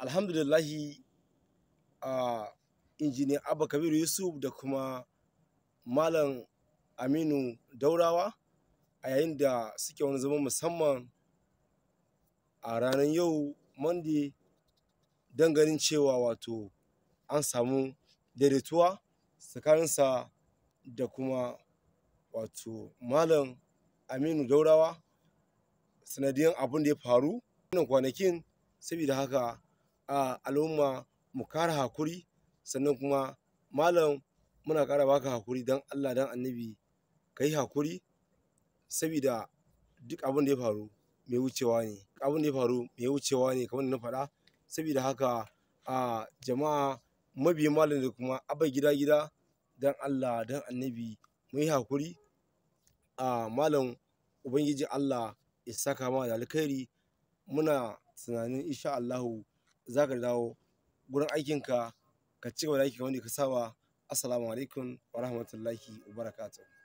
alhamdulillahi a injiniyan abba kabiru yusuf da kuma malam aminu daurawa a yayin da suke wani zama musamman a ranar yau monday don ganin cewa wato an samu daidaituwa tsakaninsa da kuma wato malam aminu daurawa sanadiyan abin da ya faru wannan kwanakin saboda haka al'umma mu kara hakuri sannan kuma malam muna kara baka hakuri dan Allah dan annabi ka yi hakuri saboda duk abin da ya faru mai wucewa ne abin da ya faru mai wucewa ne kamar na faɗa saboda haka a jama'a mabi malam da kuma Abba gida gida Dan Allah dan annabi mu yi hakuri a malam ubangiji Allah ya saka ma da alkhairi muna tunanin insha Allahu za ka dawo gurin aikinka ka ci gaba da aiki wanda ka saba assalamu alaikum wa rahmatullahi wa barakatuh